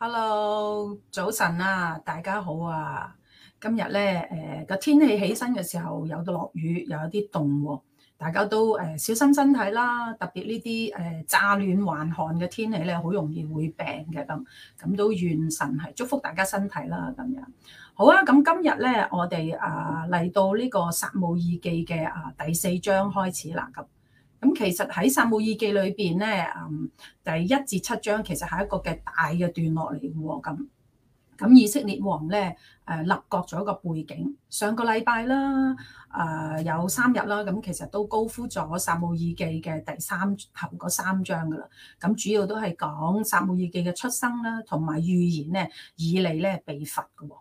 hello，早晨啊，大家好啊！今日咧，誒、呃、個天氣起身嘅時候有到落雨，又有啲凍喎，大家都誒、呃、小心身體啦，特別呢啲誒乍暖還寒嘅天氣咧，好容易會病嘅，咁，咁都願神係祝福大家身體啦，咁樣好啊！咁今日咧，我哋啊嚟到呢、這個撒母耳記嘅啊第四章開始啦咁。咁其實喺撒母耳記裏邊咧，嗯，第一至七章其實係一個嘅大嘅段落嚟嘅喎。咁咁以色列王咧，誒立國咗一個背景。上個禮拜啦，誒、呃、有三日啦，咁其實都高呼咗撒母耳記嘅第三頭嗰三章嘅啦。咁主要都係講撒母耳記嘅出生啦，同埋預言咧，以利咧被罰嘅喎。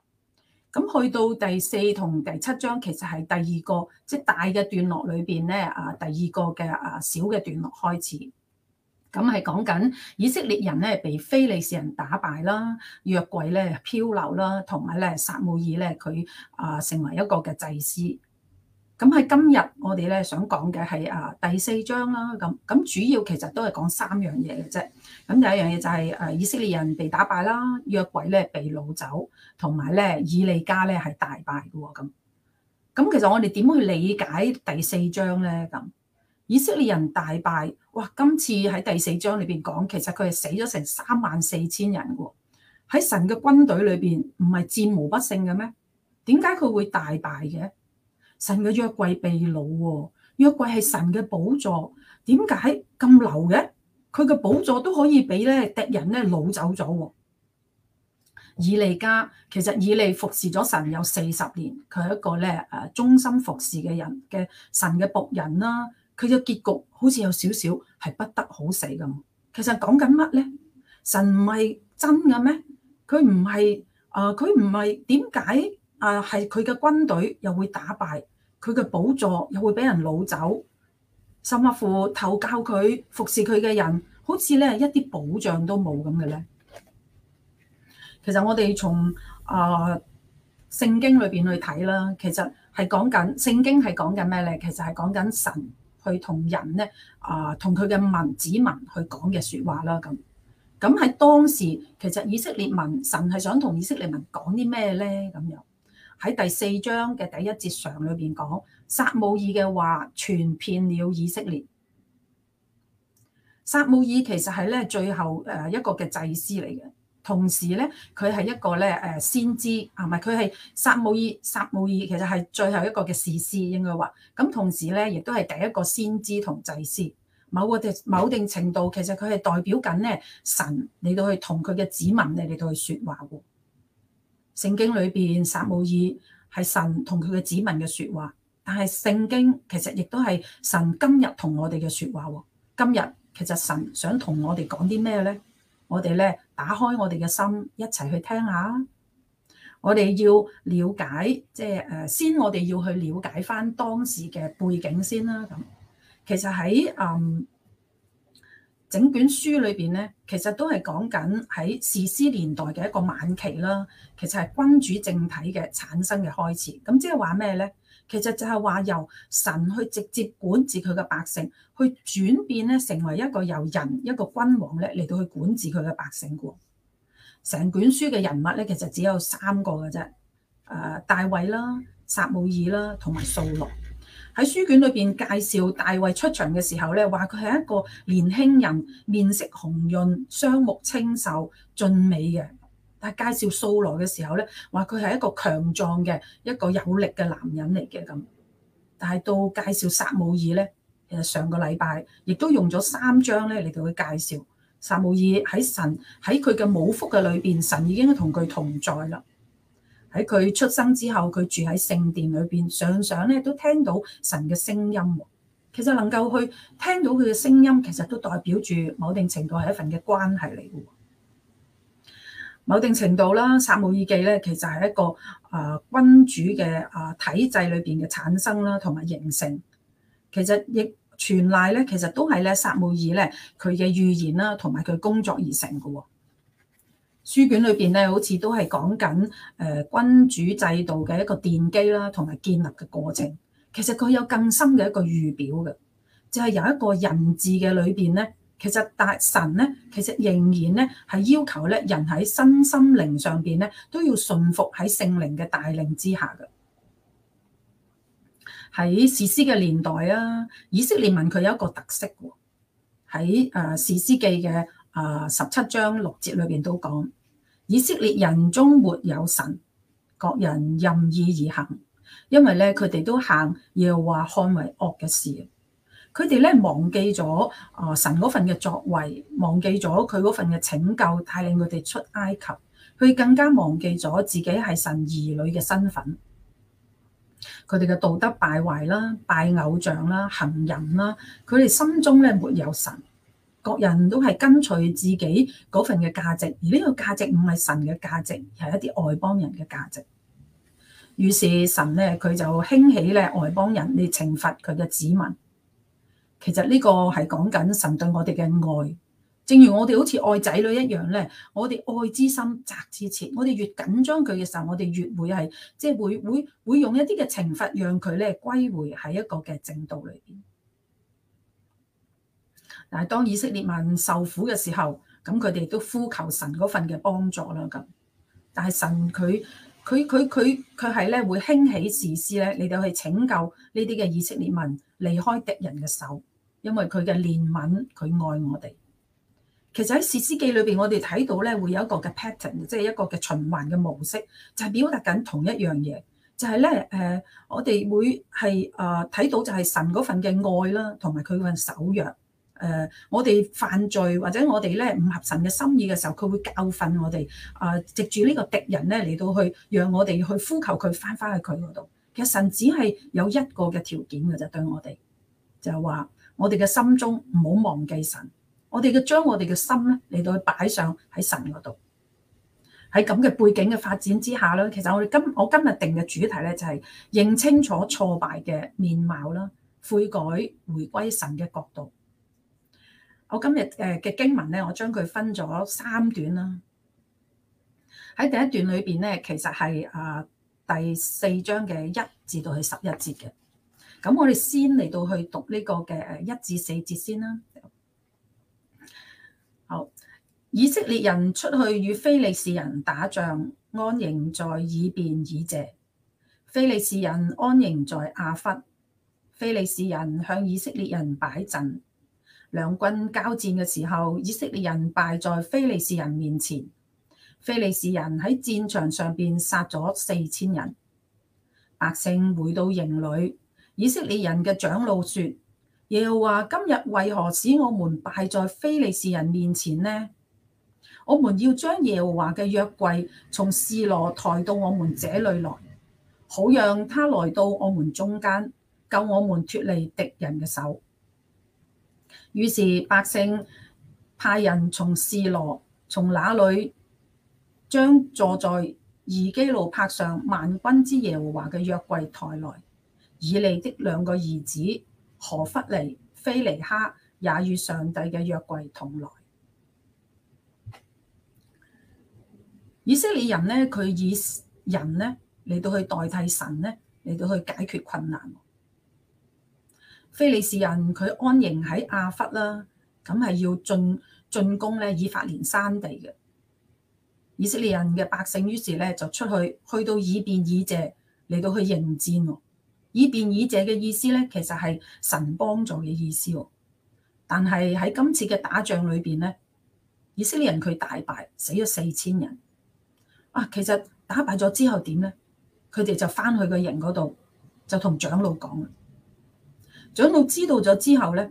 咁去到第四同第七章，其實係第二個即係、就是、大嘅段落裏邊咧，啊第二個嘅啊小嘅段落開始，咁係講緊以色列人咧被非利士人打敗啦，約櫃咧漂流啦，同埋咧撒母耳咧佢啊成為一個嘅祭司。咁喺今日我哋咧想講嘅係啊第四章啦，咁咁主要其實都係講三樣嘢嘅啫。咁第一樣嘢就係誒以色列人被打敗啦，約櫃咧被擄走，同埋咧以利家咧係大敗嘅。咁咁其實我哋點去理解第四章咧？咁以色列人大敗，哇！今次喺第四章裏邊講，其實佢係死咗成三萬四千人嘅喎。喺神嘅軍隊裏邊，唔係戰無不勝嘅咩？點解佢會大敗嘅？神嘅約櫃被擄喎，約櫃係神嘅寶座，點解咁流嘅？佢嘅寶座都可以俾咧敵人咧擄走咗、哦。以利家，其實以利服侍咗神有四十年，佢係一個咧誒忠心服侍嘅人嘅神嘅僕人啦、啊，佢嘅結局好似有少少係不得好死咁。其實講緊乜咧？神唔係真嘅咩？佢唔係啊？佢唔係點解？啊！係佢嘅軍隊又會打敗，佢嘅寶座又會俾人擄走，甚至乎投靠佢服侍佢嘅人，好似咧一啲保障都冇咁嘅咧。其實我哋從啊聖經裏邊去睇啦，其實係講緊聖經係講緊咩咧？其實係講緊神去同人咧啊，同佢嘅民、子民去講嘅説話啦。咁咁喺當時其實以色列民神係想同以色列民講啲咩咧？咁樣？喺第四章嘅第一節上裏邊講，撒母耳嘅話傳遍了以色列。撒母耳其實係咧最後誒一個嘅祭司嚟嘅，同時咧佢係一個咧誒先知，係咪？佢係撒母耳。撒母耳其實係最後一個嘅、啊、士師應該話，咁同時咧亦都係第一個先知同祭司。某個定某定程度，其實佢係代表緊咧神嚟到去同佢嘅子民咧嚟到去説話喎。聖經裏邊撒母耳係神同佢嘅子民嘅說話，但係聖經其實亦都係神今日同我哋嘅說話。今日其實神想同我哋講啲咩咧？我哋咧打開我哋嘅心，一齊去聽下。我哋要了解，即係，誒，先我哋要去了解返當時嘅背景先啦。咁其實喺嗯。整卷書裏邊咧，其實都係講緊喺士師年代嘅一個晚期啦。其實係君主政體嘅產生嘅開始。咁即係話咩咧？其實就係話由神去直接管治佢嘅百姓，去轉變咧成為一個由人一個君王咧嚟到去管治佢嘅百姓嘅。成卷書嘅人物咧，其實只有三個嘅啫。誒、呃，大衛啦、撒母耳啦，同埋掃羅。喺書卷裏邊介紹大衛出場嘅時候咧，話佢係一個年輕人，面色紅潤，雙目清秀，俊美嘅。但係介紹掃羅嘅時候咧，話佢係一個強壯嘅一個有力嘅男人嚟嘅咁。但係到介紹撒母耳咧，其實上個禮拜亦都用咗三章咧，嚟到佢介紹撒母耳喺神喺佢嘅母腹嘅裏邊，神已經同佢同在啦。喺佢出生之後，佢住喺聖殿裏邊，常常咧都聽到神嘅聲音。其實能夠去聽到佢嘅聲音，其實都代表住某定程度係一份嘅關係嚟嘅。某定程度啦，撒母耳記咧，其實係一個啊君主嘅啊體制裏邊嘅產生啦，同埋形成。其實亦傳賴咧，其實都係咧撒母耳咧佢嘅預言啦，同埋佢工作而成嘅。書卷裏邊咧，好似都係講緊誒君主制度嘅一個奠基啦，同埋建立嘅過程。其實佢有更深嘅一個預表嘅，就係、是、有一個人字嘅裏邊咧，其實大神咧，其實仍然咧係要求咧人喺身心靈上邊咧都要順服喺聖靈嘅帶領之下嘅。喺士師嘅年代啊，以色列民佢有一個特色喎。喺誒士師記嘅啊十七章六節裏邊都講。以色列人中沒有神，各人任意而行，因為咧佢哋都行耶和華看為惡嘅事，佢哋咧忘記咗啊、呃、神嗰份嘅作為，忘記咗佢嗰份嘅拯救，帶領佢哋出埃及，佢更加忘記咗自己係神兒女嘅身份，佢哋嘅道德敗壞啦、拜偶像啦、行淫啦，佢哋心中咧沒有神。各人都係跟隨自己嗰份嘅價值，而呢個價值唔係神嘅價值，而係一啲外邦人嘅價值。於是神咧佢就興起咧外邦人嚟懲罰佢嘅子民。其實呢個係講緊神對我哋嘅愛，正如我哋好似愛仔女一樣咧，我哋愛之深責之切，我哋越緊張佢嘅時候，我哋越會係即係會會會用一啲嘅懲罰讓佢咧歸回喺一個嘅正道裏邊。但係當以色列民受苦嘅時候，咁佢哋都呼求神嗰份嘅幫助啦。咁但係神佢佢佢佢佢係咧會興起士師咧，嚟到去拯救呢啲嘅以色列民離開敵人嘅手，因為佢嘅憐憫，佢愛我哋。其實喺士師記裏邊，我哋睇到咧會有一個嘅 pattern，即係一個嘅循環嘅模式，就係、是、表達緊同一樣嘢，就係咧誒，我哋會係啊睇到就係神嗰份嘅愛啦，同埋佢份守約。誒，uh, 我哋犯罪或者我哋咧唔合神嘅心意嘅時候，佢會教訓我哋。啊，uh，藉住呢個敵人咧嚟到去，讓我哋去呼求佢翻返去佢嗰度。其實神只係有一個嘅條件嘅啫，對我哋就係話我哋嘅心中唔好忘記神，我哋嘅將我哋嘅心咧嚟到擺上喺神嗰度。喺咁嘅背景嘅發展之下咧，其實我哋今我今日定嘅主題咧就係、是、認清楚挫敗嘅面貌啦，悔改回歸神嘅角度。我今日誒嘅經文咧，我將佢分咗三段啦。喺第一段裏邊咧，其實係啊第四章嘅一至到去十一節嘅。咁我哋先嚟到去讀呢個嘅誒一至四節先啦。好，以色列人出去與非利士人打仗，安營在以便以謝。非利士人安營在亞弗。非利士人向以色列人擺陣。兩軍交戰嘅時候，以色列人敗在非利士人面前。非利士人喺戰場上邊殺咗四千人。百姓回到營裏，以色列人嘅長老說：耶和華今日為何使我們敗在非利士人面前呢？我們要將耶和華嘅約櫃從示羅抬到我們這裏來，好讓他來到我們中間，救我們脫離敵人嘅手。於是百姓派人從示羅，從那裏將坐在二基路伯上萬軍之耶和華嘅約櫃抬來，以利的兩個兒子何弗尼、非尼哈也與上帝嘅約櫃同來。以色列人呢，佢以人呢，嚟到去代替神呢，嚟到去解決困難。非利士人佢安營喺亞弗啦，咁係要進進攻咧以法蓮山地嘅以色列人嘅百姓，於是咧就出去去到以便以謝嚟到去迎戰。哦，以便以謝嘅意思咧，其實係神幫助嘅意思，哦。但係喺今次嘅打仗裏邊咧，以色列人佢大敗，死咗四千人。啊，其實打敗咗之後點咧？佢哋就翻去個營嗰度，就同長老講長老知道咗之後咧，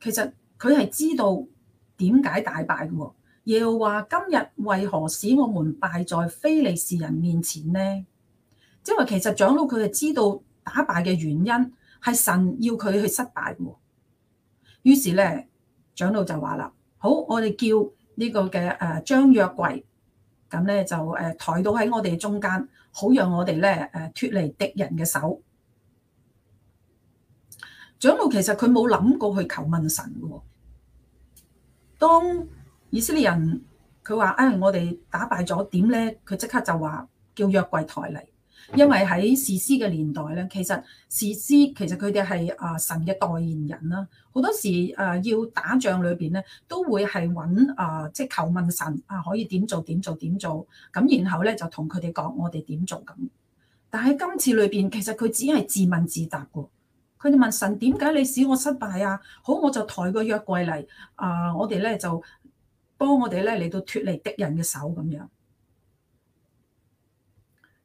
其實佢係知道點解大敗嘅。耶和華今日為何使我們敗在非利士人面前呢？因為其實長老佢係知道打敗嘅原因係神要佢去失敗。於是咧，長老就話啦，好，我哋叫呢個嘅誒張約櫃，咁咧就誒抬到喺我哋中間，好讓我哋咧誒脫離敵人嘅手。長老其實佢冇諗過去求問神嘅。當以色列人佢話，誒我哋打敗咗點咧，佢即刻就話叫約櫃台嚟，因為喺士師嘅年代咧，其實士師其實佢哋係啊神嘅代言人啦。好多時誒要打仗裏邊咧，都會係揾啊即係求問神啊可以點做點做點做，咁然後咧就同佢哋講我哋點做咁。但係喺今次裏邊，其實佢只係自問自答嘅。佢哋問神點解你使我失敗啊？好，我就抬個約櫃嚟，啊、呃，我哋咧就幫我哋咧嚟到脫離敵人嘅手咁樣。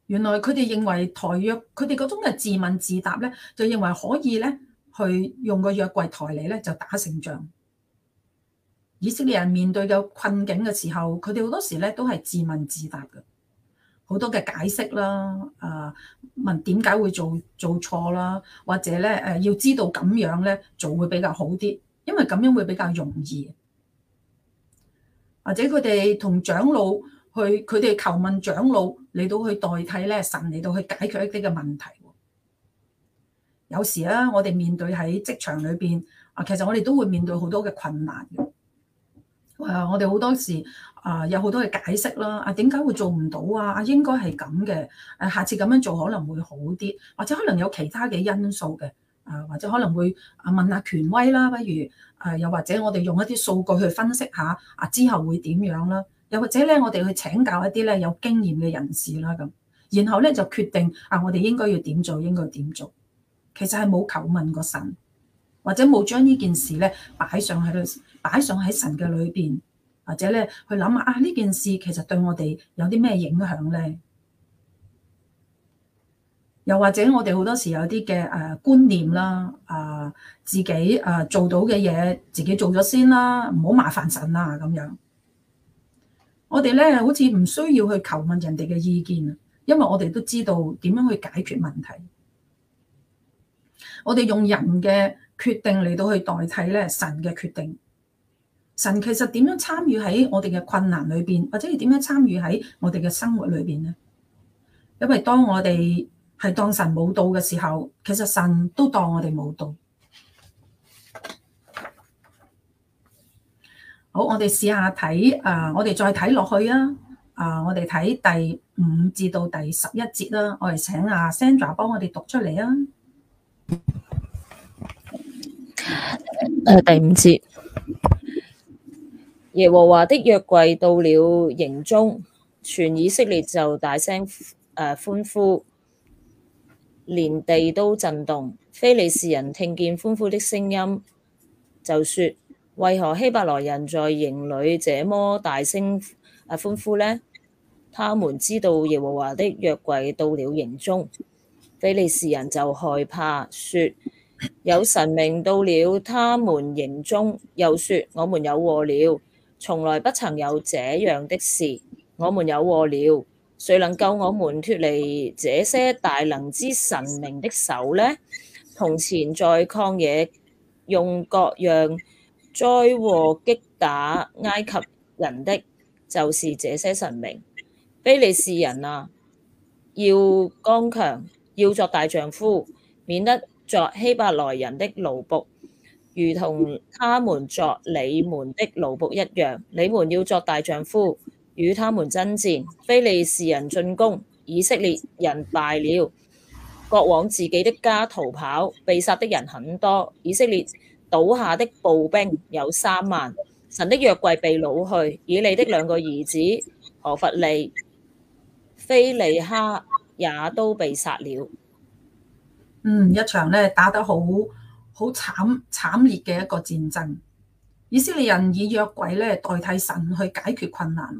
原來佢哋認為抬約，佢哋嗰種嘅自問自答咧，就認為可以咧去用個約櫃抬嚟咧就打勝仗。以色列人面對嘅困境嘅時候，佢哋好多時咧都係自問自答嘅。好多嘅解釋啦，啊，問點解會做做錯啦，或者咧誒，要知道咁樣咧做會比較好啲，因為咁樣會比較容易。或者佢哋同長老去，佢哋求問長老嚟到去代替咧神嚟到去解決一啲嘅問題。有時咧，我哋面對喺職場裏邊啊，其實我哋都會面對好多嘅困難。誒，我哋好多時啊，有好多嘅解釋啦。啊，點解會做唔到啊？應該係咁嘅。誒，下次咁樣做可能會好啲，或者可能有其他嘅因素嘅。誒、啊，或者可能會啊，問下權威啦。不如誒，又、啊、或者我哋用一啲數據去分析下，啊，之後會點樣啦？又、啊、或者咧，我哋去請教一啲咧有經驗嘅人士啦咁、啊。然後咧就決定啊，我哋應該要點做，應該要點做。其實係冇求問過神，或者冇將呢件事咧擺上喺度。擺上喺神嘅裏邊，或者咧去諗下啊，呢件事其實對我哋有啲咩影響咧？又或者我哋好多時有啲嘅誒觀念啦，啊，自己誒做到嘅嘢，自己做咗先啦，唔好麻煩神啦咁樣。我哋咧好似唔需要去求問人哋嘅意見，因為我哋都知道點樣去解決問題。我哋用人嘅決定嚟到去代替咧神嘅決定。神其實點樣參與喺我哋嘅困難裏邊，或者係點樣參與喺我哋嘅生活裏邊咧？因為當我哋係當神冇到嘅時候，其實神都當我哋冇到。好，我哋試下睇啊，我哋再睇落去啊，啊，我哋睇第五至到第十一節啦。我哋請阿 Sandra 幫我哋讀出嚟啊。誒，第五節。耶和華的約櫃到了營中，全以色列就大聲誒歡呼，連地都震動。非利士人聽見歡呼的聲音，就説：為何希伯來人在營裏這麼大聲誒歡呼呢？他們知道耶和華的約櫃到了營中，非利士人就害怕，説有神明到了他們營中，又説我們有禍了。從來不曾有這樣的事，我們有禍了。誰能救我們脱離這些大能之神明的手呢？從前在曠野用各樣災禍擊打埃及人的，就是這些神明。非利士人啊，要剛強，要作大丈夫，免得作希伯來人的奴僕。如同他們作你們的奴僕一樣，你們要作大丈夫，與他們爭戰。非利士人進攻以色列人，敗了，各往自己的家逃跑。被殺的人很多，以色列倒下的步兵有三萬。神的約櫃被擄去，以利的兩個兒子何弗利、非利哈也都被殺了。嗯，一場呢，打得好。好慘慘烈嘅一個戰爭，以色列人以約櫃呢代替神去解決困難。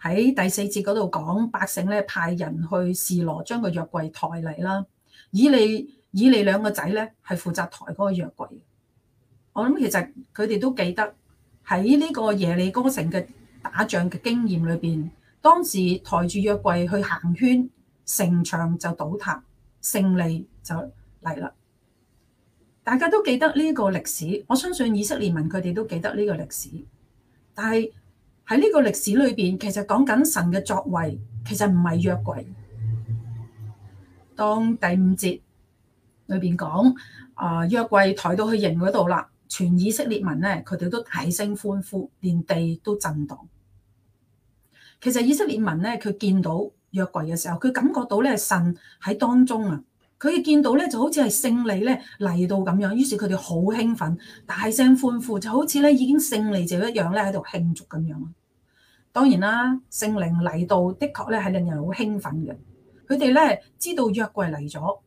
喺第四節嗰度講，百姓呢派人去示羅將個約櫃抬嚟啦，以利以利兩個仔呢係負責抬嗰個約櫃。我諗其實佢哋都記得喺呢個耶利哥城嘅打仗嘅經驗裏邊，當時抬住約櫃去行圈，城牆就倒塌，勝利就嚟啦。大家都記得呢個歷史，我相信以色列民佢哋都記得呢個歷史。但係喺呢個歷史裏邊，其實講緊神嘅作為，其實唔係約櫃。當第五節裏邊講啊約櫃抬到去營嗰度啦，全以色列民咧，佢哋都起聲歡呼，連地都震盪。其實以色列民咧，佢見到約櫃嘅時候，佢感覺到咧神喺當中啊。佢見到咧，就好似係聖靈咧嚟到咁樣，於是佢哋好興奮，大聲歡呼，就好似咧已經勝利者一樣咧喺度慶祝咁樣。當然啦，聖靈嚟到，的確咧係令人好興奮嘅。佢哋咧知道約櫃嚟咗，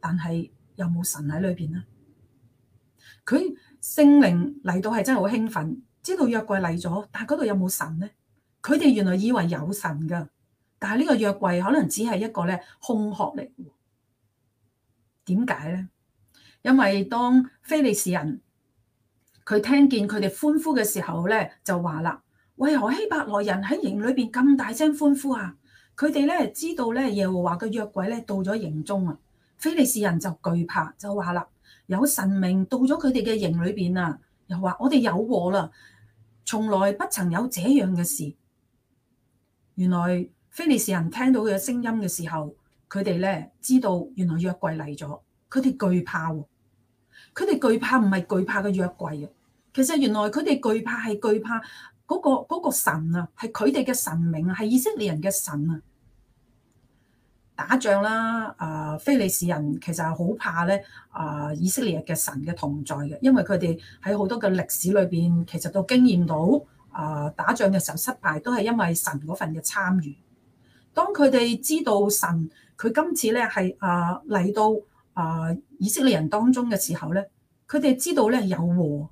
但係有冇神喺裏邊咧？佢聖靈嚟到係真係好興奮，知道約櫃嚟咗，但係嗰度有冇神咧？佢哋原來以為有神噶，但係呢個約櫃可能只係一個咧空殼嚟。點解咧？因為當非利士人佢聽見佢哋歡呼嘅時候咧，就話啦：為何希伯來人喺營裏邊咁大聲歡呼啊？佢哋咧知道咧耶和華嘅約櫃咧到咗營中啊，非利士人就懼怕，就話啦：有神明到咗佢哋嘅營裏邊啊，又話我哋有禍啦，從來不曾有這樣嘅事。原來非利士人聽到佢嘅聲音嘅時候。佢哋咧知道，原來約櫃嚟咗，佢哋懼怕喎。佢哋懼怕唔係懼怕個約櫃啊，其實原來佢哋懼怕係懼怕嗰個嗰個神啊，係佢哋嘅神明啊，係以色列人嘅神啊。打仗啦，啊，非利士人其實係好怕咧，啊，以色列嘅神嘅同在嘅，因為佢哋喺好多嘅歷史裏邊，其實都經驗到啊，打仗嘅時候失敗都係因為神嗰份嘅參與。當佢哋知道神佢今次咧係啊嚟到啊以色列人當中嘅時候咧，佢哋知道咧有禍，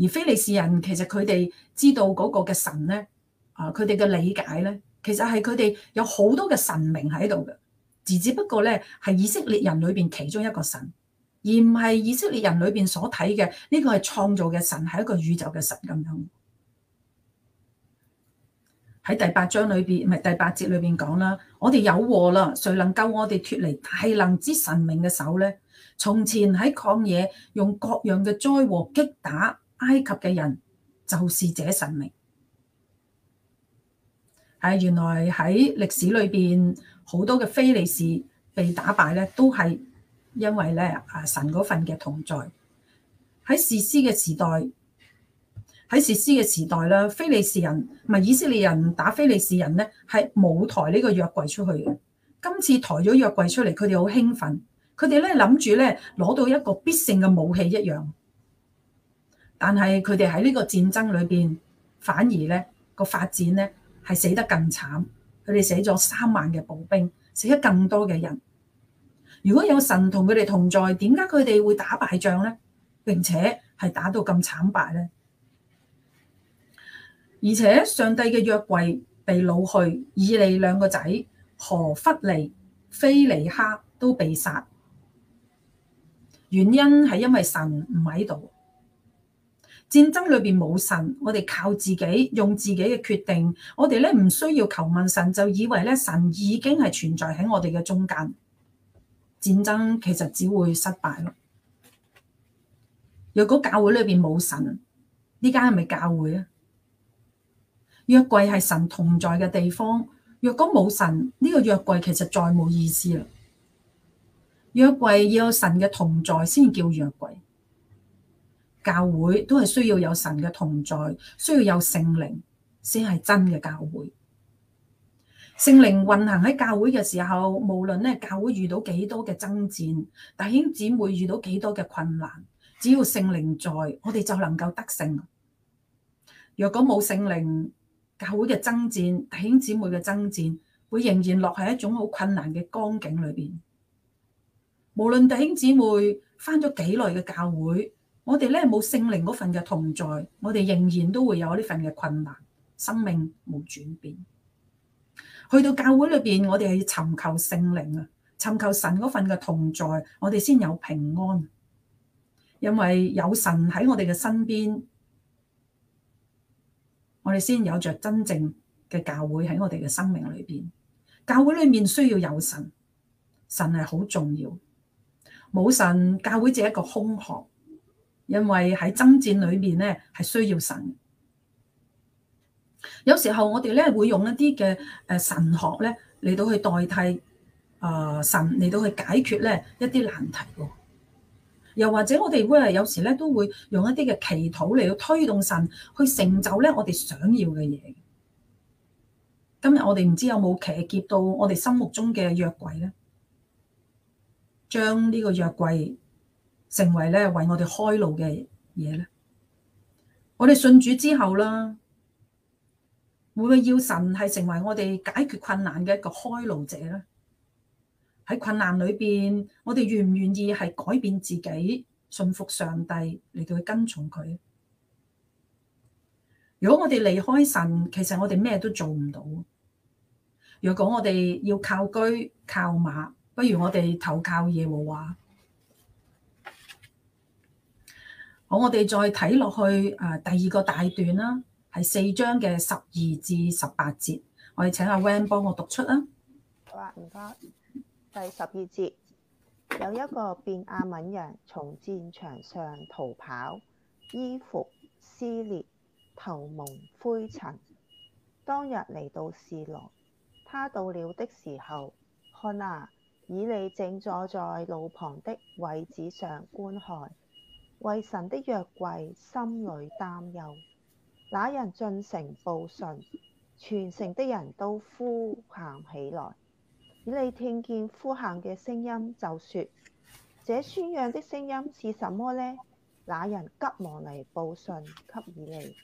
而非利士人其實佢哋知道嗰個嘅神咧啊，佢哋嘅理解咧，其實係佢哋有好多嘅神明喺度嘅，而只不過咧係以色列人裏邊其中一個神，而唔係以色列人裏邊所睇嘅呢個係創造嘅神，係一個宇宙嘅神咁樣。喺第八章裏邊，唔係第八節裏邊講啦，我哋有禍啦，誰能救我哋脫離大能之神明嘅手咧？從前喺曠野用各樣嘅災禍擊打埃及嘅人，就是這神明。係原來喺歷史裏邊好多嘅非利士被打敗咧，都係因為咧啊神嗰份嘅同在。喺士師嘅時代。喺士師嘅時代啦，非利士人唔係以色列人打非利士人咧，係冇抬呢個約櫃出去嘅。今次抬咗約櫃出嚟，佢哋好興奮，佢哋咧諗住咧攞到一個必勝嘅武器一樣。但係佢哋喺呢個戰爭裏邊，反而咧、嗰個發展咧係死得更慘。佢哋死咗三萬嘅步兵，死得更多嘅人。如果有神同佢哋同在，點解佢哋會打敗仗咧？並且係打到咁慘敗咧？而且上帝嘅約櫃被擄去，以利兩個仔何弗尼、菲尼哈都被殺。原因係因為神唔喺度，戰爭裏邊冇神，我哋靠自己用自己嘅決定，我哋咧唔需要求問神，就以為咧神已經係存在喺我哋嘅中間。戰爭其實只會失敗咯。若果教會裏邊冇神，呢間係咪教會啊？約櫃係神同在嘅地方，若果冇神，呢個約櫃，其實再冇意思啦。約櫃要有神嘅同在先叫約櫃，教會都係需要有神嘅同在，需要有聖靈先係真嘅教會。聖靈運行喺教會嘅時候，無論咧教會遇到幾多嘅爭戰，弟兄姊妹遇到幾多嘅困難，只要聖靈在，我哋就能夠得勝。若果冇聖靈，教會嘅爭戰，弟兄姊妹嘅爭戰，會仍然落喺一種好困難嘅光景裏邊。無論弟兄姊妹返咗幾耐嘅教會，我哋咧冇聖靈嗰份嘅同在，我哋仍然都會有呢份嘅困難，生命冇轉變。去到教會裏邊，我哋係要尋求聖靈啊，尋求神嗰份嘅同在，我哋先有平安。因為有神喺我哋嘅身邊。我哋先有着真正嘅教會喺我哋嘅生命裏邊，教會裏面需要有神，神係好重要，冇神教會只係一個空殼，因為喺爭戰裏面咧係需要神，有時候我哋咧會用一啲嘅誒神學咧嚟到去代替啊、呃、神嚟到去解決咧一啲難題。又或者我哋會係有時咧，都會用一啲嘅祈禱嚟到推動神去成就咧，我哋想要嘅嘢。今日我哋唔知有冇騎劫到我哋心目中嘅約櫃咧，將呢個約櫃成為咧為我哋開路嘅嘢咧。我哋信主之後啦，會唔會要神係成為我哋解決困難嘅一個開路者咧？喺困難裏邊，我哋願唔願意係改變自己，信服上帝嚟到去跟從佢？如果我哋離開神，其實我哋咩都做唔到。如果我哋要靠居靠馬，不如我哋投靠耶和華。好，我哋再睇落去啊，第二個大段啦，係四章嘅十二至十八節。我哋請阿、啊、Van 幫我讀出啦。好啊。謝謝。第十二節，有一個便雅憫人從戰場上逃跑，衣服撕裂，頭蒙灰塵。當日嚟到示羅，他到了的時候，看啊，以利正坐在路旁的位置上觀看，為神的約櫃心裏擔憂。那人進城報信，全城的人都呼喊起來。以利聽見呼喊嘅聲音，就說：這宣揚的聲音是什麼呢？那人急忙嚟報信給以利。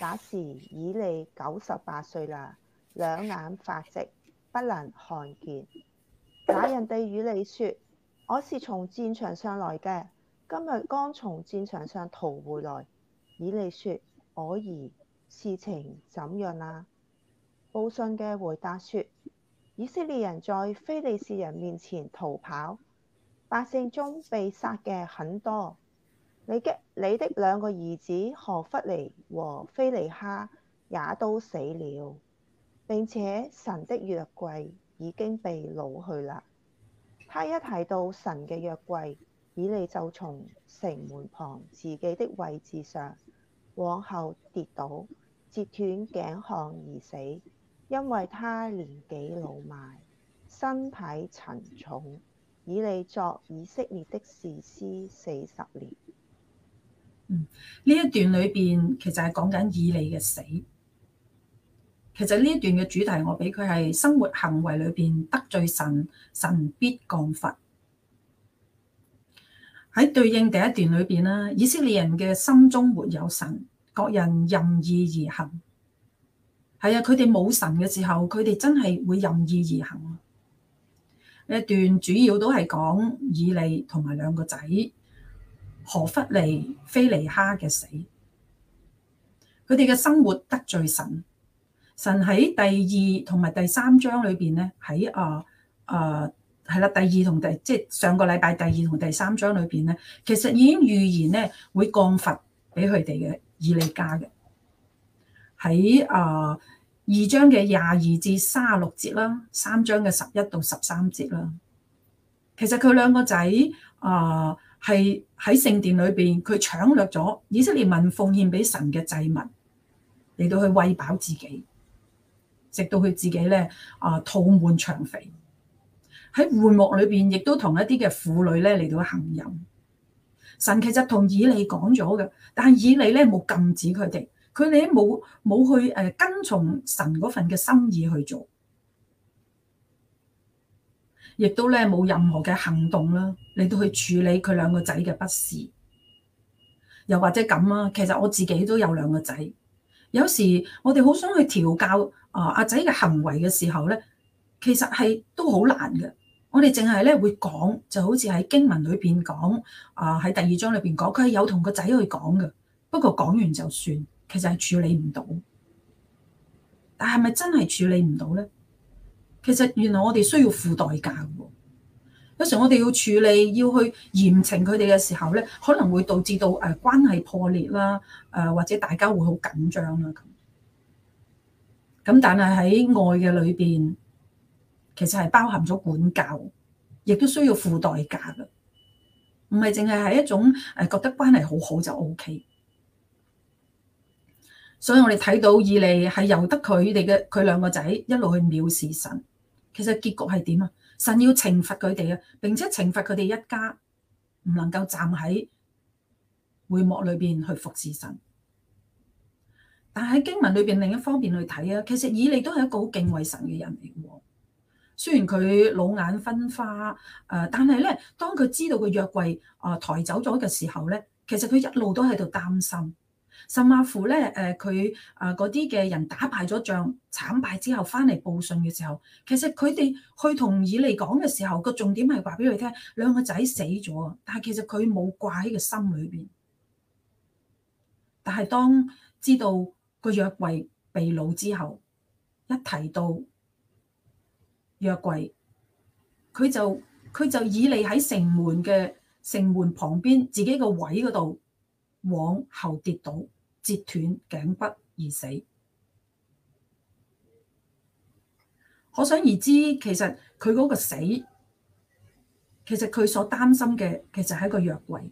那時以利九十八歲啦，兩眼發直，不能看見。那人對以利說：我是從戰場上來嘅，今日剛從戰場上逃回來。以利說：我兒，事情怎樣啊？報信嘅回答說。以色列人在非利士人面前逃跑，百姓中被殺嘅很多。你嘅，你的兩個兒子何弗尼和菲利哈也都死了，並且神的約櫃已經被擄去啦。他一提到神嘅約櫃，以利就從城門旁自己的位置上往後跌倒，折斷頸項而死。因為他年紀老邁，身體沉重，以利作以色列的士師四十年。呢、嗯、呢一段裏邊其實係講緊以利嘅死。其實呢一段嘅主題我，我俾佢係生活行為裏邊得罪神，神必降罰。喺對應第一段裏邊啦，以色列人嘅心中沒有神，各人任意而行。係啊，佢哋冇神嘅時候，佢哋真係會任意而行。一段主要都係講以利同埋兩個仔何弗利、菲尼哈嘅死。佢哋嘅生活得罪神。神喺第二同埋第三章裏邊咧，喺、uh, uh, 啊啊係啦，第二同第即係、就是、上個禮拜第二同第三章裏邊咧，其實已經預言咧會降罰俾佢哋嘅以利家嘅。喺啊二章嘅廿二至三十六節啦，三章嘅十一到十三節啦。其實佢兩個仔啊，係喺聖殿裏邊，佢搶掠咗以色列民奉獻俾神嘅祭物，嚟到去餵飽自己，直到佢自己咧啊，肚滿腸肥。喺會幕裏邊，亦都同一啲嘅婦女咧嚟到行淫。神其實同以利講咗嘅，但係以利咧冇禁止佢哋。佢哋冇冇去誒跟從神嗰份嘅心意去做，亦都咧冇任何嘅行動啦，嚟到去處理佢兩個仔嘅不是，又或者咁啊。其實我自己都有兩個仔，有時我哋好想去調教啊阿仔嘅行為嘅時候咧，其實係都好難嘅。我哋淨係咧會講，就好似喺經文裏邊講啊，喺第二章裏邊講，佢係有同個仔去講嘅，不過講完就算。其實係處理唔到，但係咪真係處理唔到咧？其實原來我哋需要付代價嘅喎，有時我哋要處理要去嚴懲佢哋嘅時候咧，可能會導致到誒關係破裂啦，誒或者大家會好緊張啦咁。咁但係喺愛嘅裏邊，其實係包含咗管教，亦都需要付代價嘅，唔係淨係係一種誒覺得關係好好就 OK。所以我哋睇到以利係由得佢哋嘅，佢兩個仔一路去藐視神，其實結局係點啊？神要懲罰佢哋啊，並且懲罰佢哋一家，唔能夠站喺會幕裏邊去服侍神。但係喺經文裏邊另一方面去睇啊，其實以利都係一個好敬畏神嘅人嚟嘅喎。雖然佢老眼昏花，誒，但係咧，當佢知道個約櫃啊抬走咗嘅時候咧，其實佢一路都喺度擔心。甚至乎咧，誒佢啊嗰啲嘅人打敗咗仗，慘敗之後翻嚟報信嘅時候，其實佢哋去同以利講嘅時候，個重點係話俾佢聽兩個仔死咗，但係其實佢冇掛喺個心裏邊。但係當知道個約櫃被擄之後，一提到約櫃，佢就佢就以利喺城門嘅城門旁邊自己個位嗰度。往後跌倒，折斷頸骨而死。可想而知，其實佢嗰個死，其實佢所擔心嘅，其實係一個約櫃。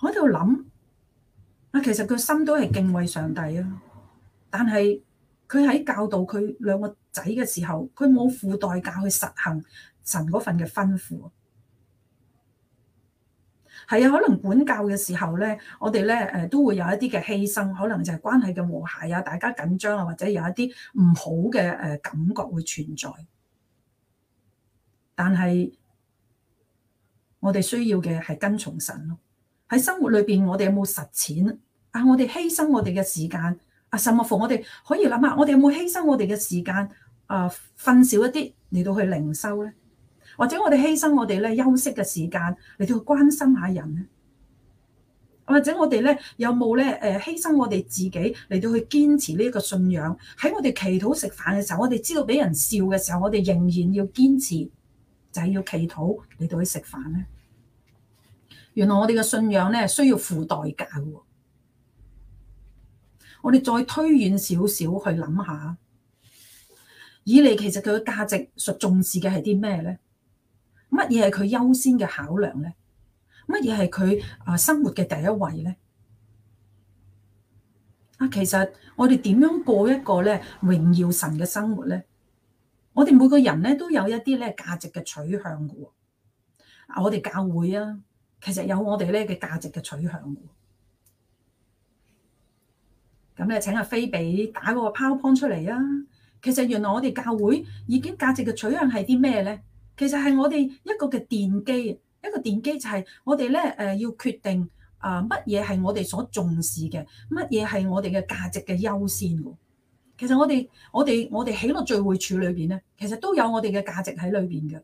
我喺度諗，啊，其實佢心都係敬畏上帝啊，但係佢喺教導佢兩個仔嘅時候，佢冇付代價去實行神嗰份嘅吩咐。係啊，可能管教嘅時候咧，我哋咧誒都會有一啲嘅犧牲，可能就係關係嘅和諧啊，大家緊張啊，或者有一啲唔好嘅誒感覺會存在。但係我哋需要嘅係跟從神咯。喺生活裏邊，我哋有冇實踐啊？我哋犧牲我哋嘅時間啊？甚至乎，我哋可以諗下，我哋有冇犧牲我哋嘅時間啊？瞓、呃、少一啲嚟到去靈修咧？或者我哋犧牲我哋咧休息嘅時間嚟到去關心下人咧，或者我哋咧有冇咧誒犧牲我哋自己嚟到去堅持呢一個信仰？喺我哋祈禱食飯嘅時候，我哋知道俾人笑嘅時候，我哋仍然要堅持就係、是、要祈禱嚟到去食飯咧。原來我哋嘅信仰咧需要付代價嘅。我哋再推遠少少去諗下，以利其實佢嘅價值所重視嘅係啲咩咧？乜嘢係佢優先嘅考量咧？乜嘢係佢啊生活嘅第一位咧？啊，其實我哋點樣過一個咧榮耀神嘅生活咧？我哋每個人咧都有一啲咧價值嘅取向嘅。啊，我哋教會啊，其實有我哋咧嘅價值嘅取向嘅。咁咧，請阿菲比打嗰個 PowerPoint 出嚟啊！其實原來我哋教會已經價值嘅取向係啲咩咧？其實係我哋一個嘅電機，一個電機就係我哋咧誒要決定啊，乜嘢係我哋所重視嘅，乜嘢係我哋嘅價值嘅優先。其實我哋我哋我哋喜樂聚會處裏邊咧，其實都有我哋嘅價值喺裏邊嘅。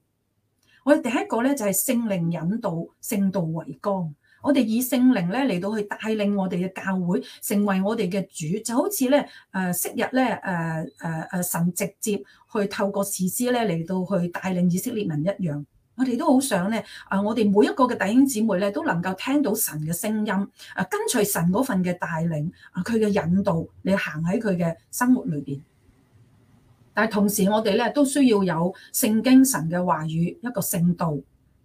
我哋第一個咧就係、是、聖靈引導，聖道為綱。我哋以聖靈咧嚟到去帶領我哋嘅教會，成為我哋嘅主，就好似咧誒，昔日咧誒誒誒神直接去透過士師咧嚟到去帶領以色列人一樣。我哋都好想咧，啊，我哋每一個嘅弟兄姊妹咧都能夠聽到神嘅聲音，啊，跟隨神嗰份嘅帶領，啊，佢嘅引導，你行喺佢嘅生活裏邊。但係同時我哋咧都需要有聖經神嘅話語，一個聖道。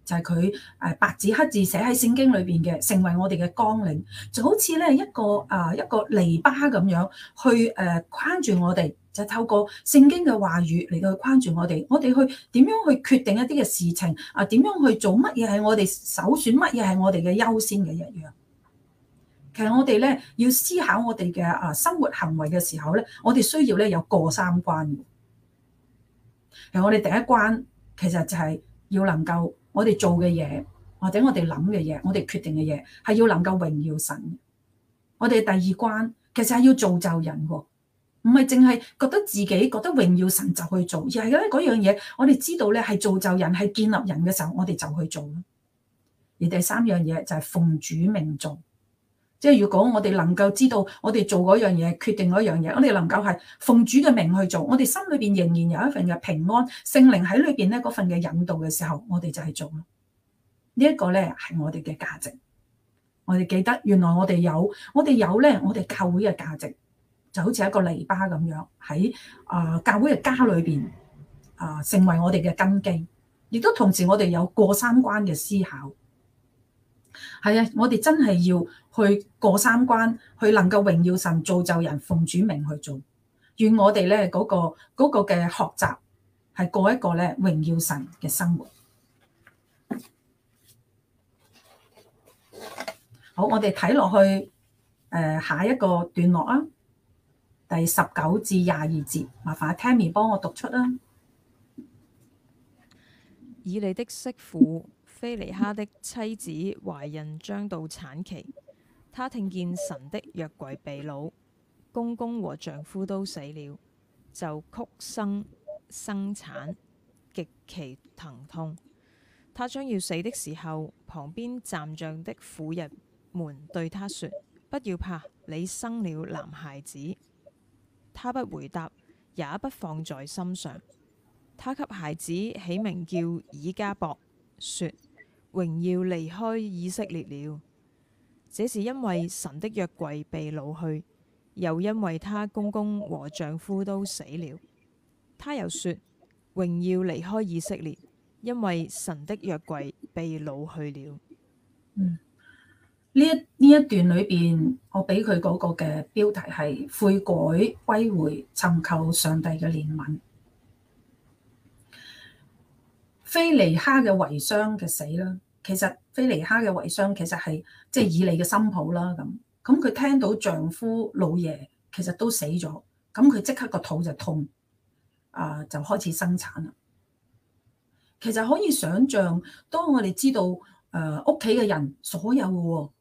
就係佢誒白紙黑字寫喺聖經裏邊嘅，成為我哋嘅綱領，就好似咧一個啊一個籬笆咁樣去誒框住我哋，就透過聖經嘅話語嚟到去框住我哋，就是。我哋去點樣去決定一啲嘅事情啊？點樣去做乜嘢係我哋首選？乜嘢係我哋嘅優先嘅一樣？其實我哋咧要思考我哋嘅啊生活行為嘅時候咧，我哋需要咧有過三關，關。其實我哋第一關其實就係要能夠。我哋做嘅嘢，或者我哋諗嘅嘢，我哋決定嘅嘢，係要能夠榮耀神。我哋第二關其實係要造就人，唔係淨係覺得自己覺得榮耀神就去做，而係喺嗰樣嘢，我哋知道咧係造就人，係建立人嘅時候，我哋就去做。而第三樣嘢就係、是、奉主命做。即係如果我哋能夠知道我哋做嗰樣嘢，決定嗰樣嘢，我哋能夠係奉主嘅名去做，我哋心裏邊仍然有一份嘅平安，聖靈喺裏邊咧嗰份嘅引導嘅時候，我哋就係做咯。這個、呢一個咧係我哋嘅價值。我哋記得原來我哋有，我哋有咧，我哋教會嘅價值就好似一個籬笆咁樣喺啊教會嘅家裏邊啊、呃、成為我哋嘅根基，亦都同時我哋有過三關嘅思考。係啊，我哋真係要。去過三關，去能夠榮耀神、造就人、奉主名去做。願我哋咧嗰個、那個嘅學習係過一個咧榮耀神嘅生活。好，我哋睇落去誒、呃、下一個段落啊，第十九至廿二節，麻煩阿 Tammy 幫我讀出啦。以利的媳婦菲尼哈的妻子懷孕，將到產期。她聽見神的約櫃被擄，公公和丈夫都死了，就屈身生產，極其疼痛。她將要死的時候，旁邊站着的婦人們對她說：不要怕，你生了男孩子。她不回答，也不放在心上。她給孩子起名叫以迦博，說：榮耀離開以色列了。這是因為神的約櫃被擄去，又因為她公公和丈夫都死了，她又說榮耀離開以色列，因為神的約櫃被擄去了。嗯，呢一呢一段裏邊，我畀佢嗰個嘅標題係悔改歸回尋求上帝嘅憐憫。菲尼哈嘅遺孀嘅死啦。其實菲尼哈嘅遺孀，其實係即係以利嘅心抱啦咁，咁佢聽到丈夫老爺其實都死咗，咁佢即刻個肚就痛，啊就開始生產啦。其實可以想象，當我哋知道誒屋企嘅人所有嘅、哦、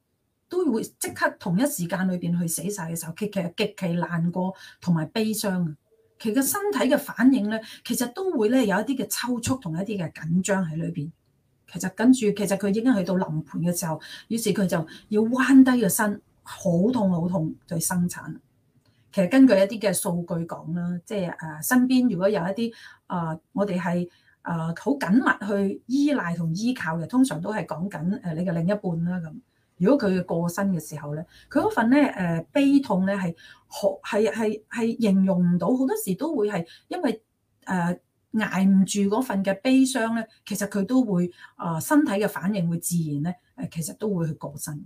都會即刻同一時間裏邊去死晒嘅時候，佢其實極其難過同埋悲傷。佢嘅身體嘅反應咧，其實都會咧有一啲嘅抽搐同一啲嘅緊張喺裏邊。其實跟住，其實佢已經去到臨盆嘅時候，於是佢就要彎低個身，好痛好痛就生產。其實根據一啲嘅數據講啦，即係誒身邊如果有一啲啊、呃，我哋係誒好緊密去依賴同依靠嘅，通常都係講緊誒你嘅另一半啦。咁如果佢嘅過身嘅時候咧，佢嗰份咧誒、呃、悲痛咧係可係係係形容唔到，好多時都會係因為誒。呃捱唔住嗰份嘅悲傷咧，其實佢都會啊、呃、身體嘅反應會自然咧，誒其實都會去過身。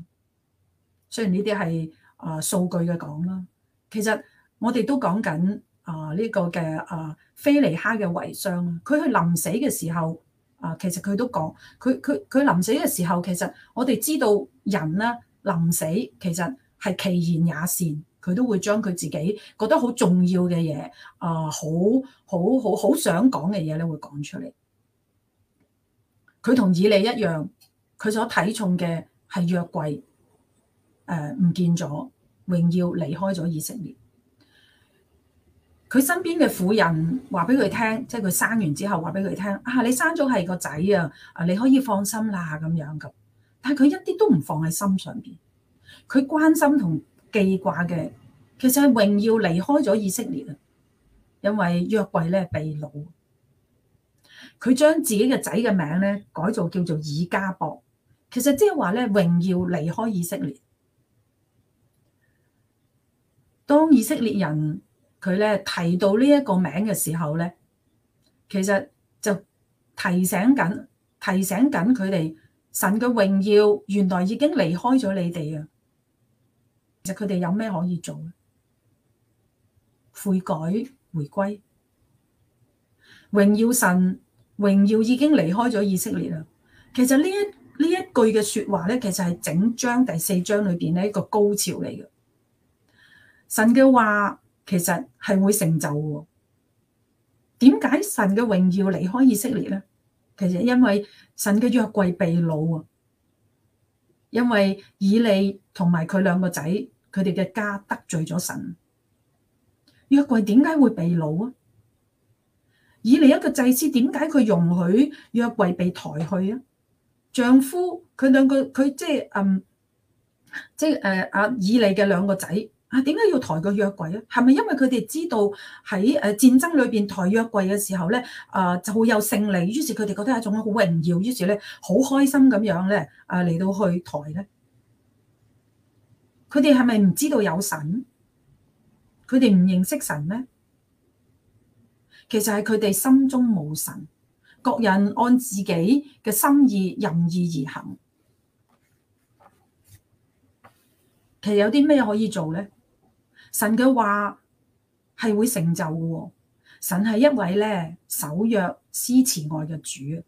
雖然呢啲係啊數據嘅講啦，其實我哋都講緊啊呢個嘅啊、呃、菲尼哈嘅遺孀，佢去臨死嘅時候啊、呃，其實佢都講，佢佢佢臨死嘅時候，其實我哋知道人咧臨死其實係其言也善。佢都會將佢自己覺得好重要嘅嘢啊，好好好好想講嘅嘢咧，會講出嚟。佢同以利一樣，佢所睇重嘅係約櫃，誒、呃、唔見咗，榮耀離開咗以色列。佢身邊嘅婦人話俾佢聽，即係佢生完之後話俾佢聽：啊，你生咗係個仔啊，啊，你可以放心啦咁樣咁。但係佢一啲都唔放喺心上邊，佢關心同記掛嘅，其實係榮耀離開咗以色列啊！因為約櫃咧被擄，佢將自己嘅仔嘅名咧改做叫做以加博。其實即係話咧，榮耀離開以色列。當以色列人佢咧提到呢一個名嘅時候咧，其實就提醒緊、提醒緊佢哋，神嘅榮耀原來已經離開咗你哋啊！其實佢哋有咩可以做？悔改回歸，榮耀神，榮耀已經離開咗以色列啦。其實呢一呢一句嘅說話咧，其實係整章第四章裏邊咧一個高潮嚟嘅。神嘅話其實係會成就嘅。點解神嘅榮耀離開以色列咧？其實因為神嘅約櫃被擄啊。因為以利同埋佢兩個仔，佢哋嘅家得罪咗神。約櫃點解會被擄？啊？以利一個祭司點解佢容許約櫃被抬去啊？丈夫佢兩個佢即係嗯，即係誒啊，um, 就是 uh, 以利嘅兩個仔。啊，點解要抬個約櫃啊？係咪因為佢哋知道喺誒戰爭裏邊抬約櫃嘅時候咧，啊就會有勝利，於是佢哋覺得係一種好榮耀，於是咧好開心咁樣咧，啊嚟到去抬咧。佢哋係咪唔知道有神？佢哋唔認識神咩？其實係佢哋心中冇神，各人按自己嘅心意任意而行。其實有啲咩可以做咧？神嘅話係會成就嘅，哦。神係一位咧守約施慈愛嘅主。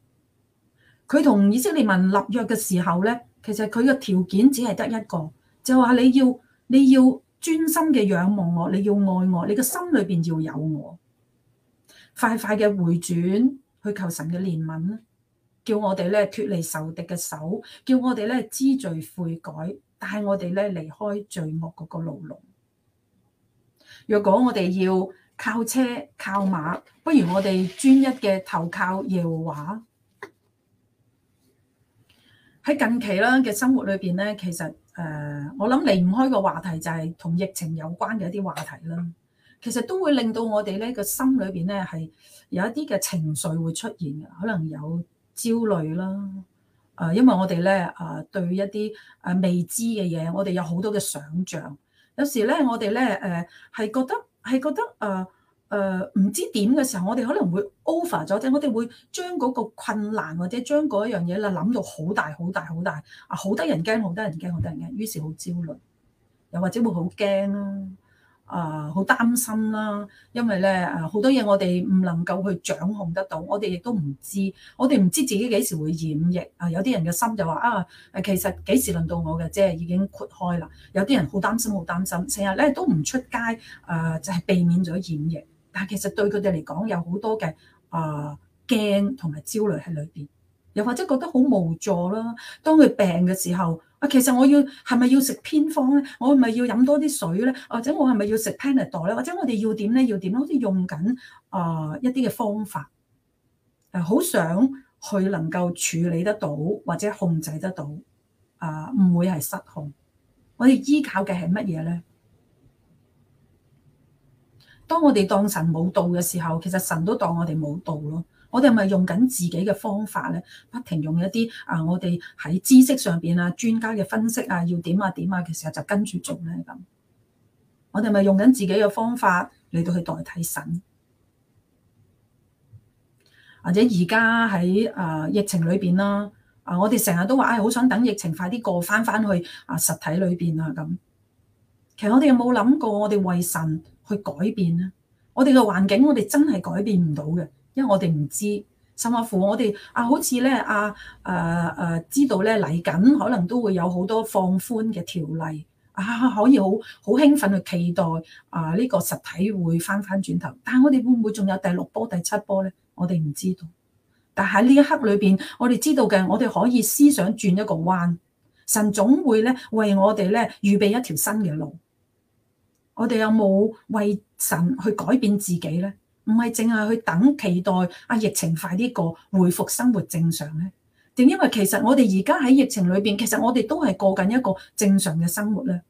佢同以色列民立約嘅時候咧，其實佢嘅條件只係得一個，就話你要你要專心嘅仰望我，你要愛我，你嘅心裏面要有我。快快嘅回轉去求神嘅憐憫，叫我哋咧脫離仇敵嘅手，叫我哋咧知罪悔改，帶我哋咧離開罪惡嗰個牢籠。若果我哋要靠車靠馬，不如我哋專一嘅投靠耶和華。喺近期啦嘅生活裏邊咧，其實誒，我諗離唔開個話題就係同疫情有關嘅一啲話題啦。其實都會令到我哋咧個心裏邊咧係有一啲嘅情緒會出現嘅，可能有焦慮啦。誒，因為我哋咧誒對一啲誒未知嘅嘢，我哋有好多嘅想象有時咧，我哋咧，誒係覺得係覺得，誒誒唔知點嘅時候，我哋可能會 over 咗啫，我哋會將嗰個困難或者將嗰一樣嘢啦，諗到好大好大好大，啊好得人驚，好得人驚，好得人驚，於是好焦慮，又或者會好驚啦。啊，好、uh, 擔心啦、啊，因為咧，誒好多嘢我哋唔能夠去掌控得到，我哋亦都唔知，我哋唔知自己幾時會染疫。啊、uh, 有啲人嘅心就話啊，其實幾時輪到我嘅，即係已經闊開啦。有啲人好擔心，好擔心，成日咧都唔出街，誒、uh, 就係避免咗染疫。但係其實對佢哋嚟講，有好多嘅啊驚同埋焦慮喺裏邊，又或者覺得好無助啦。當佢病嘅時候。啊，其實我要係咪要食偏方咧？我係咪要飲多啲水咧？或者我係咪要食 Panadol 咧？或者我哋要點咧？要點咧？好似用緊啊、呃、一啲嘅方法，誒好想去能夠處理得到或者控制得到，啊、呃、唔會係失控。我哋依靠嘅係乜嘢咧？當我哋當神冇道嘅時候，其實神都當我哋冇道咯。我哋係咪用緊自己嘅方法咧，不停用一啲啊，我哋喺知識上邊啊，專家嘅分析啊，要點啊點啊嘅時候就跟住做咧咁。我哋咪用緊自己嘅方法嚟到去代替神，或者而家喺啊疫情裏邊啦啊，我哋成日都話唉，好想等疫情快啲過翻翻去啊，實體裏邊啊咁。其實我哋有冇諗過，我哋為神去改變咧？我哋嘅環境，我哋真係改變唔到嘅。因為我哋唔知，甚至乎我哋啊，好似咧啊，誒、啊、誒，知道咧嚟緊可能都會有好多放寬嘅條例啊，可以好好興奮去期待啊，呢、這個實體會返返轉頭，但係我哋會唔會仲有第六波、第七波咧？我哋唔知道。但喺呢一刻裏邊，我哋知道嘅，我哋可以思想轉一個彎，神總會咧為我哋咧預備一條新嘅路。我哋有冇為神去改變自己咧？唔係淨係去等期待啊，疫情快啲過，回復生活正常咧？定因為其實我哋而家喺疫情裏邊，其實我哋都係過緊一個正常嘅生活咧。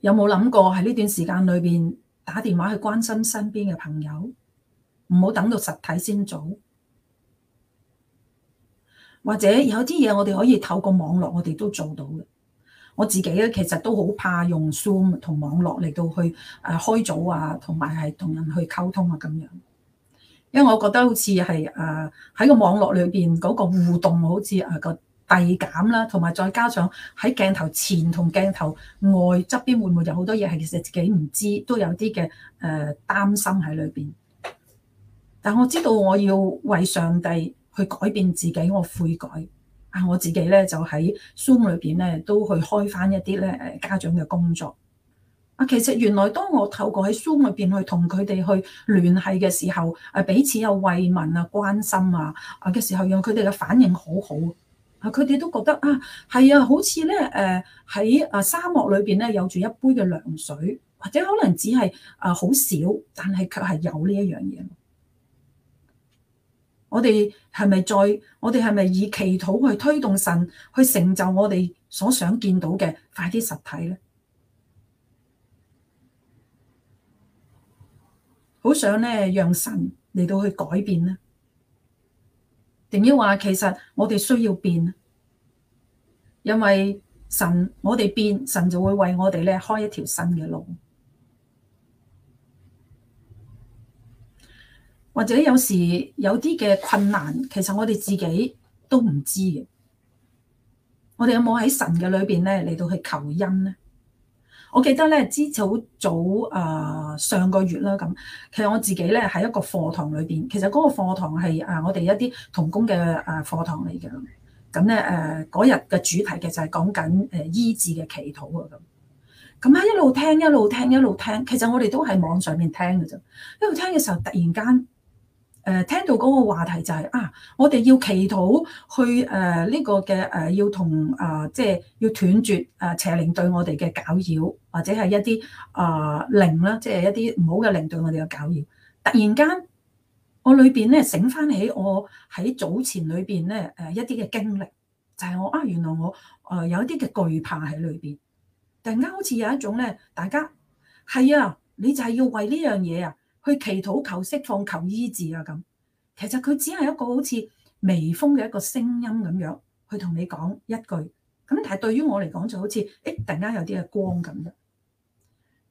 有冇諗過喺呢段時間裏邊打電話去關心身邊嘅朋友？唔好等到實體先做，或者有啲嘢，我哋可以透過網絡，我哋都做到嘅。我自己咧，其實都好怕用 Zoom 同網絡嚟到去誒開組啊，同埋係同人去溝通啊咁樣，因為我覺得好似係誒喺個網絡裏邊嗰個互動，好似誒、呃那個遞減啦，同埋再加上喺鏡頭前同鏡頭外側邊會唔會有好多嘢係其實自己唔知，都有啲嘅誒擔心喺裏邊。但我知道我要為上帝去改變自己，我悔改。啊！我自己咧就喺 Zoom 裏邊咧都去開翻一啲咧家長嘅工作。啊，其實原來當我透過喺 Zoom 裏邊去同佢哋去聯繫嘅時候，誒彼此又慰問啊、關心啊嘅時候，讓佢哋嘅反應好好。啊，佢哋都覺得啊，係啊，好似咧誒喺啊沙漠裏邊咧有住一杯嘅涼水，或者可能只係啊好少，但係卻係有呢一樣嘢。我哋係咪再？我哋係咪以祈禱去推動神去成就我哋所想見到嘅？快啲實體咧，好想咧讓神嚟到去改變咧，定抑話其實我哋需要變，因為神我哋變，神就會為我哋咧開一條新嘅路。或者有時有啲嘅困難，其實我哋自己都唔知嘅。我哋有冇喺神嘅裏邊咧嚟到去求恩咧？我記得咧，之前好早啊、呃，上個月啦咁，其實我自己咧喺一個課堂裏邊，其實嗰個課堂係啊，我哋一啲同工嘅啊課堂嚟嘅。咁咧誒，嗰日嘅主題其實係講緊誒醫治嘅祈禱啊咁。咁啊一路聽一路聽一路聽，聽，其實我哋都喺網上面聽嘅啫。一路聽嘅時候突然間。誒聽到嗰個話題就係、是、啊，我哋要祈禱去誒呢、呃這個嘅誒、呃，要同啊即係要斷絕誒邪靈對我哋嘅攪擾，或者係一啲啊、呃、靈啦，即、就、係、是、一啲唔好嘅靈對我哋嘅攪擾。突然間，我裏邊咧醒翻起，起我喺早前裏邊咧誒一啲嘅經歷，就係、是、我啊原來我誒、呃、有一啲嘅懼怕喺裏邊。突然間好似有一種咧，大家係啊，你就係要為呢樣嘢啊！去祈禱，求釋放，求醫治啊咁。其實佢只係一個好似微風嘅一個聲音咁樣，去同你講一句，咁但係對於我嚟講就好似誒，突然間有啲嘅光咁樣。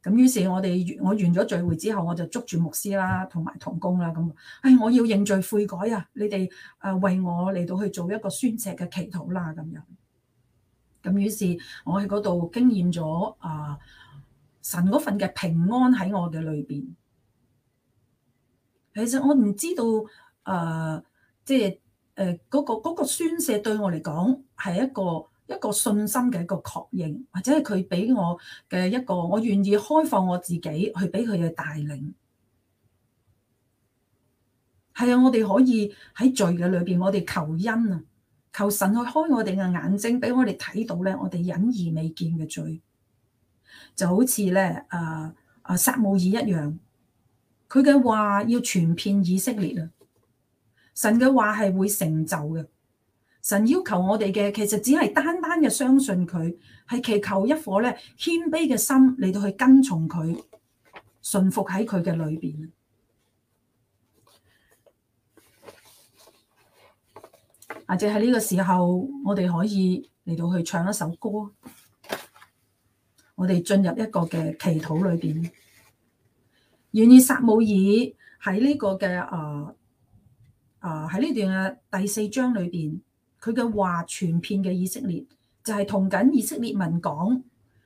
咁於是我哋我完咗聚會之後，我就捉住牧師啦，同埋同工啦，咁，哎，我要認罪悔改啊！你哋誒、啊、為我嚟到去做一個宣泄嘅祈禱啦，咁樣。咁於是我喺嗰度經驗咗啊神嗰份嘅平安喺我嘅裏邊。其實我唔知道，誒、呃，即係誒嗰個嗰個宣泄對我嚟講係一個一個信心嘅一個確認，或者係佢俾我嘅一個，我願意開放我自己去俾佢嘅帶領。係啊，我哋可以喺罪嘅裏邊，我哋求恩啊，求神去開我哋嘅眼睛，俾我哋睇到咧，我哋隱而未見嘅罪，就好似咧，誒誒撒母耳一樣。佢嘅話要傳遍以色列啊！神嘅話係會成就嘅。神要求我哋嘅，其實只係單單嘅相信佢，係祈求一顆咧謙卑嘅心嚟到去跟從佢，順服喺佢嘅裏邊。或者喺呢個時候，我哋可以嚟到去唱一首歌，我哋進入一個嘅祈禱裏邊。願意撒母耳喺呢個嘅啊啊喺呢段嘅第四章裏邊，佢嘅話傳遍嘅以色列就係同緊以色列民講：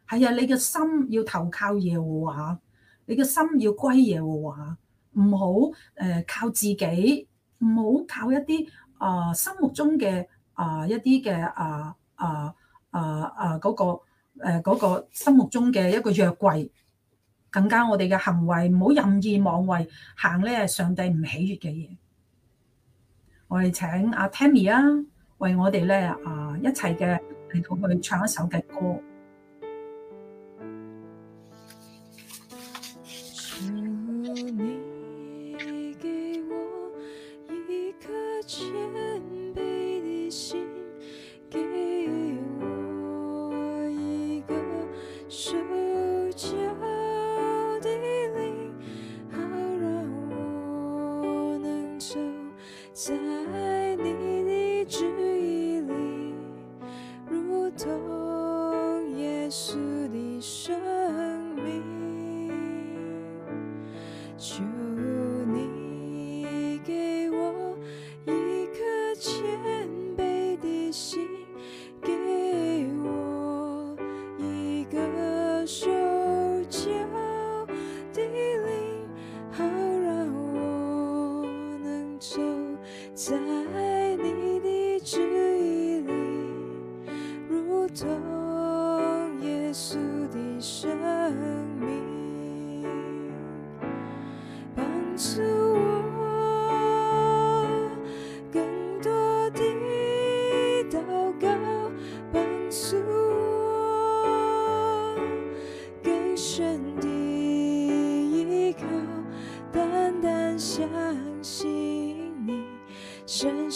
係啊，你嘅心要投靠耶和華，你嘅心要歸耶和華，唔好誒、uh, 靠自己，唔好靠一啲啊、uh, 心目中嘅啊、uh, 一啲嘅啊啊啊啊嗰個誒、uh, 那個 uh, 嗰個心目中嘅一個約櫃。更加我哋嘅行為唔好任意妄為，行咧上帝唔喜悅嘅嘢。我哋請阿 Tammy 啊，為我哋咧啊一齊嘅嚟同佢唱一首嘅歌。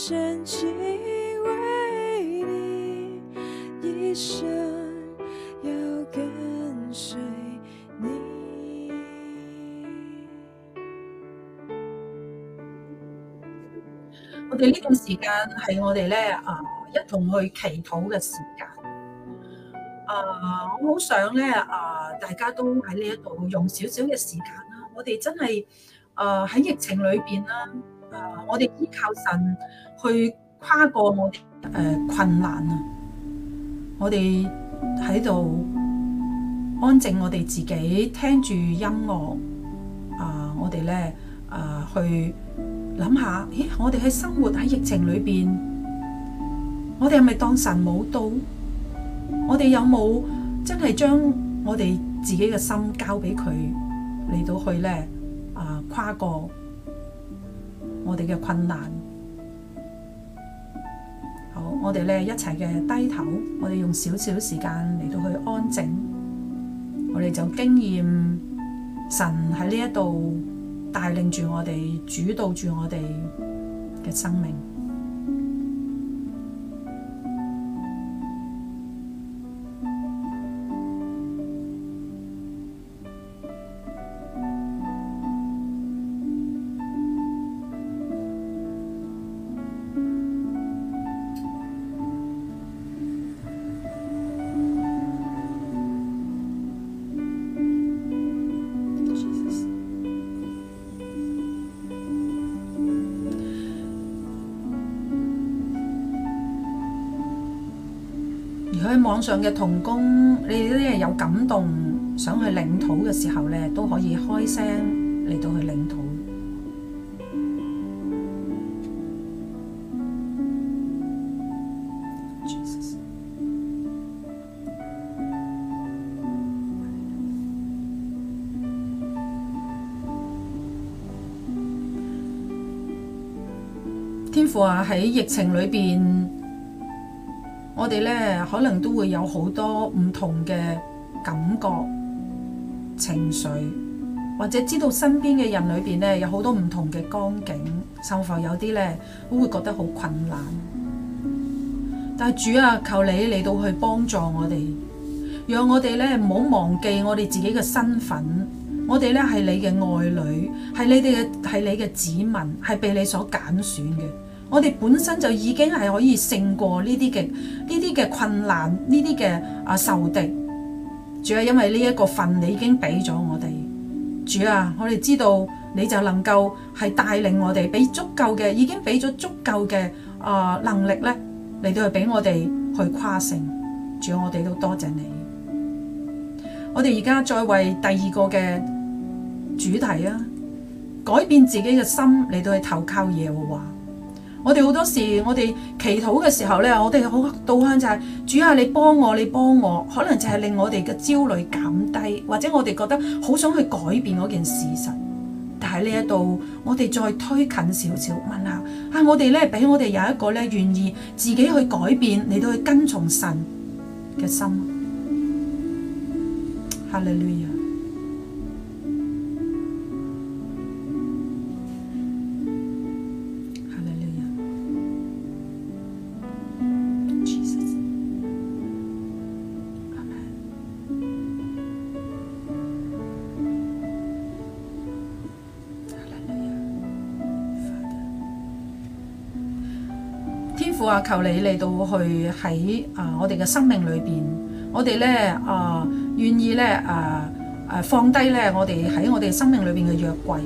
真心為你一生要跟隨你。我哋呢段時間係我哋咧啊，一同去祈禱嘅時間。啊，我好想咧啊，大家都喺呢一度用少少嘅時間啦。我哋真係啊，喺疫情裏邊啦。我哋依靠神去跨過我哋誒困難啊！我哋喺度安靜我哋自己，聽住音樂啊！我哋咧啊，去諗下，咦？我哋喺生活喺疫情裏邊，我哋係咪當神冇到？我哋有冇真係將我哋自己嘅心交俾佢嚟到去咧？啊，跨過。我哋嘅困難，好，我哋咧一齊嘅低頭，我哋用少少時間嚟到去安靜，我哋就經驗神喺呢一度帶領住我哋，主導住我哋嘅生命。網上嘅同工，你哋都有感動，想去領禱嘅時候呢，都可以開聲嚟到去領禱。天父啊，喺疫情裏邊，我哋咧可能都會有好多唔同嘅感覺、情緒，或者知道身邊嘅人裏邊咧有好多唔同嘅光景，甚至乎有啲咧都會覺得好困難。但係主啊，求你嚟到去幫助我哋，讓我哋咧唔好忘記我哋自己嘅身份。我哋咧係你嘅愛女，係你哋嘅，係你嘅子民，係被你所揀選嘅。我哋本身就已經係可以勝過呢啲嘅呢啲嘅困難，呢啲嘅啊仇敵。主要係因為呢一個份你已經俾咗我哋，主啊，我哋知道你就能夠係帶領我哋，俾足夠嘅已經俾咗足夠嘅啊能力咧嚟到去俾我哋去誇勝。主、啊，我哋都多謝你。我哋而家再為第二個嘅主題啊，改變自己嘅心嚟到去投靠耶和華。我哋好多時，我哋祈禱嘅時候咧，我哋好倒香就係、是、主要啊，你幫我，你幫我，可能就係令我哋嘅焦慮減低，或者我哋覺得好想去改變嗰件事實。但喺呢一度，我哋再推近少少，問下啊、哎，我哋咧俾我哋有一個咧願意自己去改變，你都去跟從神嘅心。哈利路亞。話求你嚟到去喺啊，我哋嘅生命裏邊，我哋呢，啊，願意呢，啊啊放低呢我哋喺我哋生命裏邊嘅約櫃，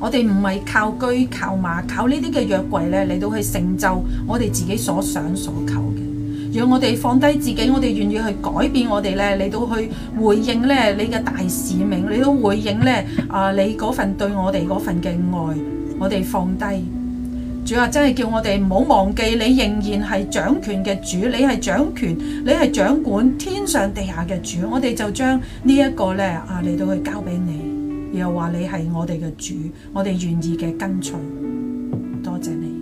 我哋唔係靠居靠馬靠呢啲嘅約櫃呢，嚟到去成就我哋自己所想所求嘅。讓我哋放低自己，我哋願意去改變我哋呢，嚟到去回應呢你嘅大使命，你都回應呢啊你嗰份對我哋嗰份嘅愛，我哋放低。主啊，真係叫我哋唔好忘記，你仍然係掌權嘅主，你係掌權，你係掌管天上地下嘅主。我哋就將呢一個呢啊嚟到去交俾你，又話你係我哋嘅主，我哋願意嘅跟隨。多謝你，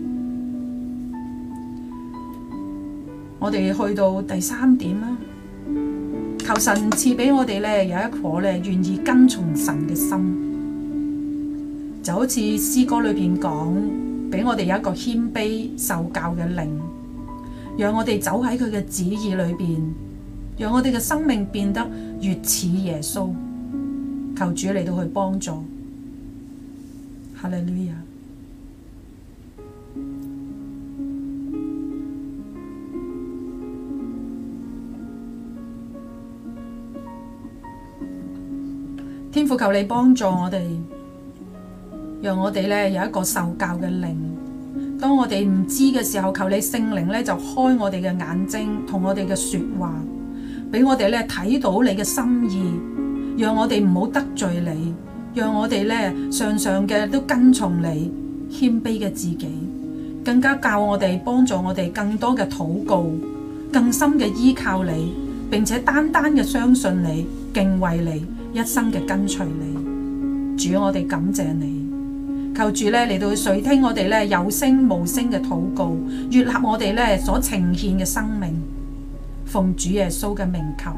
我哋去到第三點啦，求神賜俾我哋呢有一顆咧願意跟從神嘅心，就好似詩歌裏邊講。俾我哋有一個謙卑受教嘅靈，讓我哋走喺佢嘅旨意裏邊，讓我哋嘅生命變得越似耶穌。求主嚟到去幫助。哈利路亞。天父，求你幫助我哋。讓我哋咧有一個受教嘅靈。當我哋唔知嘅時候，求你聖靈咧就開我哋嘅眼睛，同我哋嘅說話，俾我哋咧睇到你嘅心意。讓我哋唔好得罪你，讓我哋咧常常嘅都跟從你，謙卑嘅自己，更加教我哋幫助我哋更多嘅禱告，更深嘅依靠你，並且單單嘅相信你，敬畏你，一生嘅跟隨你。主，我哋感謝你。求主呢嚟到垂聽我哋呢有聲無聲嘅禱告，悅納我哋呢所呈獻嘅生命，奉主耶穌嘅名求。